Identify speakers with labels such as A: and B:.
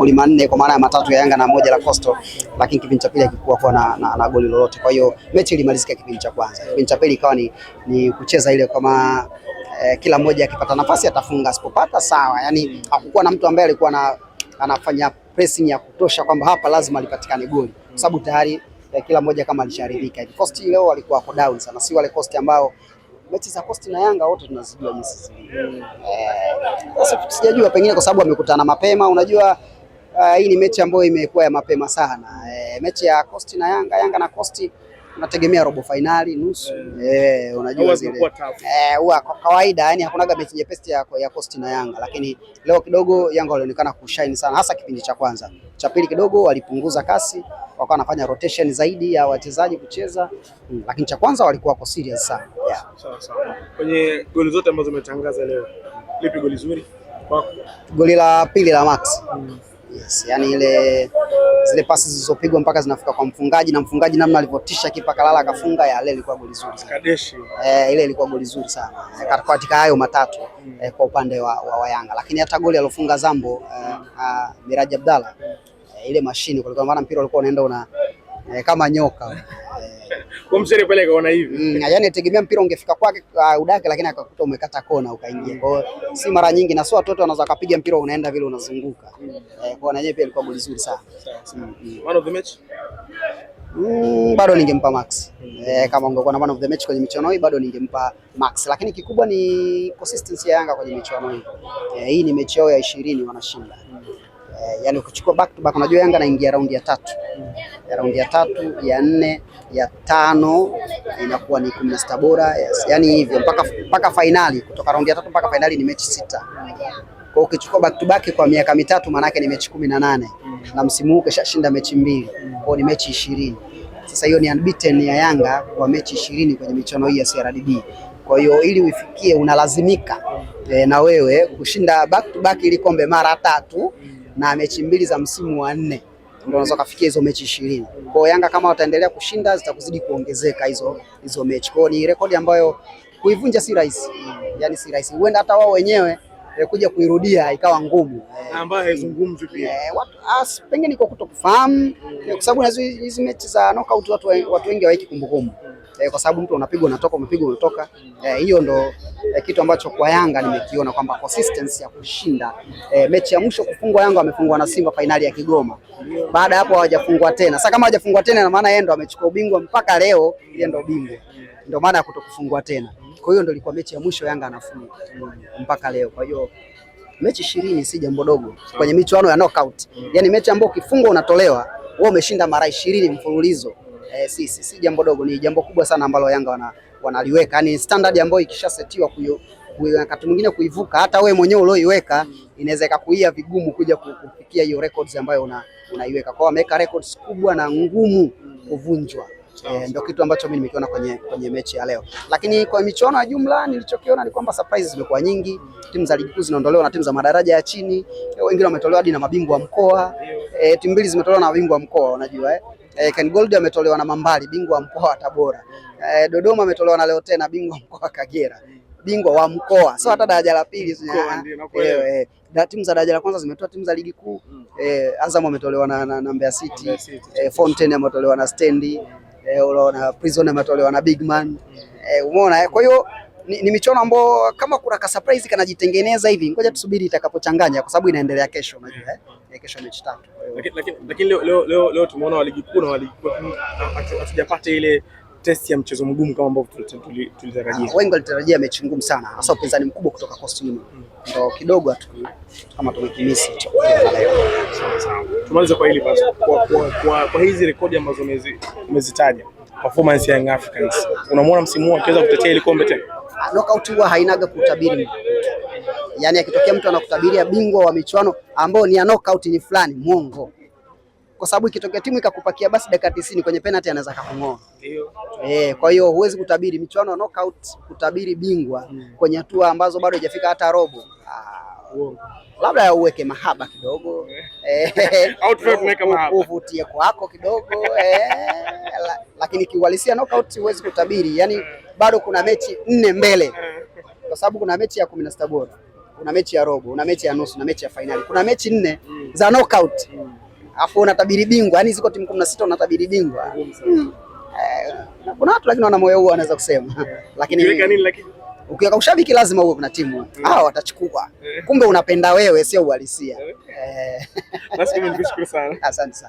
A: magoli manne kwa maana ya matatu ya Yanga na moja la Coastal, lakini kipindi cha pili hakikuwa kwa na, na, na goli lolote. Kwa hiyo mechi ilimalizika kipindi cha kwanza. Kipindi cha pili ikawa ni, ni kucheza ile kama eh, kila mmoja akipata nafasi atafunga, asipopata sawa. Yani hakukuwa na mtu ambaye alikuwa na, anafanya pressing ya kutosha kwamba hapa lazima alipatikane goli, kwa sababu tayari eh, kila mmoja kama alisharidhika hivi. Coast leo walikuwa wako down sana, si wale Coast ambao mechi za Coast na Yanga wote tunazijua jinsi zilivyo. Eh, sasa sijajua pengine kwa sababu wamekutana mapema, unajua Uh, hii ni mechi ambayo imekuwa ya mapema sana e, mechi ya Coast na Yanga, Yanga na Coast unategemea robo fainali nusu e, e, unajua zile eh, huwa kwa kawaida yani hakunaga mechi nyepesi ya, ya Coast na Yanga, lakini leo kidogo Yanga walionekana kushine sana, hasa kipindi cha kwanza. Cha pili kidogo walipunguza kasi, wakawa wanafanya rotation zaidi ya wachezaji kucheza hmm, lakini cha kwanza walikuwa kwa serious sana yeah. Sawa
B: sawa. Kwenye goli zote ambazo umetangaza leo, lipi goli zuri?
A: Goli la pili la Max hmm. Yes, yani ile zile pasi zilizopigwa mpaka zinafika kwa mfungaji na mfungaji namna alivyotisha kipa kalala akafunga, ya ile ilikuwa goli zuri sana. Kadeshi. Eh, ile ilikuwa goli zuri sana eh, katika hayo matatu mm. eh, kwa upande wa, wa, wa Yanga, lakini hata goli alofunga Zambo eh, mm. Miraji Abdalla eh, ile mashine, kwa maana mpira ulikuwa unaenda una eh, kama nyoka
B: kwa pale kaona hivi
A: mm, yani ategemea mpira ungefika kwake uh, udaka, lakini akakuta umekata kona ukaingia. Kwa hiyo si mara nyingi, na sio watoto wanaweza kupiga mpira unaenda vile unazunguka mm. Eh, kwa na yeye pia alikuwa goli zuri sana
B: mm, mm. Man of the match
A: Mm, bado ningempa Max eh, kama ungekuwa na man of the match kwenye michuano hii bado ningempa Max, lakini kikubwa ni consistency ya Yanga kwenye michuano hii eh, hii ni mechi yao ya ishirini wanashinda mm eh, yani ukichukua back to back, unajua Yanga anaingia raundi ya tatu ya raundi ya tatu ya nne ya tano inakuwa ni kumi na sita bora yes. yani hivyo mpaka mpaka fainali, kutoka raundi ya tatu mpaka fainali ni mechi sita kwa ukichukua back to back kwa miaka mitatu maanake ni mechi kumi na nane mm. na msimu huu keshashinda mechi mbili mm. ni mechi ishirini. Sasa hiyo ni unbeaten ya Yanga kwa mechi ishirini kwenye michuano hii ya CRDB. Kwa hiyo ili uifikie unalazimika e, na wewe kushinda back to back ili kombe mara tatu na mechi mbili za msimu wa nne ndio unaweza kufikia hizo mechi ishirini. Kwa Yanga kama wataendelea kushinda zitakuzidi kuongezeka hizo hizo mechi. Kwa ni rekodi ambayo kuivunja si rahisi. Yaani si rahisi. Huenda hata wao wenyewe eh, kuja kuirudia ikawa ngumu,
B: ambayo haizungumzwi pia eh,
A: eh, ah, pengine kwa kutokufahamu, kwa sababu hizi mechi za knockout watu wengi hawaweki kumbukumbu eh, kwa sababu mtu unapigwa unatoka, umepigwa unatoka. Eh, hiyo eh, ndo eh, kitu ambacho kwa Yanga nimekiona kwamba consistency ya kushinda eh, mechi ya mwisho kufungwa Yanga amefungwa na Simba fainali ya Kigoma, baada hapo hawajafungwa tena. Sasa kama hawajafungwa tena, na maana yeye ndo amechukua ubingwa mpaka leo, yeye ndo bingwa, ndo maana ya kutokufungwa tena. Kwa hiyo ndo ilikuwa mechi ya mwisho Yanga anafunga mpaka leo, kwa hiyo mechi ishirini si jambo dogo kwenye michuano ya knockout. Yani mechi ambayo ukifungwa unatolewa, wewe umeshinda mara ishirini mfululizo eh, si, si, si jambo dogo, ni jambo kubwa sana ambalo Yanga wana, wanaliweka yani standard ambayo ikishasetiwa wakati mwingine kuivuka hata we mwenyewe ulioiweka inaweza ikakuia vigumu kuja kufikia hiyo records ambayo una, unaiweka kwao. ameweka records kubwa na ngumu kuvunjwa. E, ndio kitu ambacho mimi nimekiona kwenye, kwenye mechi ya leo, lakini kwa michuano ya jumla nilichokiona ni kwamba surprises zimekuwa nyingi. Timu za ligi kuu zinaondolewa na timu za madaraja ya chini, eh, wengine wametolewa hadi na mabingwa mkoa. E, timu mbili zimetolewa na mabingwa mkoa, unajua eh? eh, Ken Gold ametolewa na Mambali, bingwa wa mkoa wa Tabora. Eh, Dodoma ametolewa na leo tena bingwa wa mkoa wa Kagera, bingwa wa mkoa sio hata daraja la pili. Eh, eh, timu za daraja la kwanza zimetoa timu za ligi kuu. Mm. eh, Azam ametolewa na, na, na Mbeya City, Eh, Fountain ametolewa na Stendi, eh, unaona Prison ametolewa na Bigman, eh, umeona. Eh, kwa hiyo ni, ni michuano ambayo kama kuna ka surprise kanajitengeneza hivi, ngoja tusubiri itakapochanganya, kwa sababu inaendelea kesho, unajua eh, eh kesho mechi tatu.
B: Lakini leo leo leo, leo tumeona wa ligi kuu na wa ligi kuu hatujapata ile test ya mchezo mgumu kama ambavyo tulitarajia. Ah,
A: wengi walitarajia mechi ngumu sana, hasa upinzani mkubwa kutoka Coast Union, hmm. ndio kidogo tu kama tumekimisi.
B: Tumalize kwa hili basi, kwa, kwa, kwa, kwa hizi rekodi ambazo umezitaja, performance ya Young Africans, unamwona msimu huu akiweza kutetea ile kombe tena?
A: knockout huwa hainaga kutabiri mtu. Yaani akitokea mtu anakutabiria bingwa wa michuano ambao ni ya knockout ni fulani mwongo. Kwa sababu ikitokea timu ikakupakia basi dakika 90 kwenye penalty anaweza kakung'oa. Eh, kwa hiyo huwezi kutabiri michuano knockout, kutabiri bingwa hmm, kwenye hatua ambazo bado hajafika hata robo. Ah, Labda Labda uweke mahaba kidogo eh. Eh, uvutie kwako kidogo eh, lakini kiuhalisia knockout huwezi kutabiri yani eh bado kuna mechi nne mbele, kwa sababu kuna mechi ya kumi na sita bora, kuna mechi ya robo, kuna mechi ya nusu na mechi ya fainali. Kuna mechi nne mm. za knockout mm. afu unatabiri bingwa, yani ziko timu kumi na sita unatabiri bingwa mm. eh, kuna watu lakini wana moyo huo wanaweza kusema yeah. lakini ukiweka ushabiki lazima uwe kuna timu mm. ah, watachukua. Eh. Kumbe unapenda wewe, sio uhalisia. Eh. Asante sana.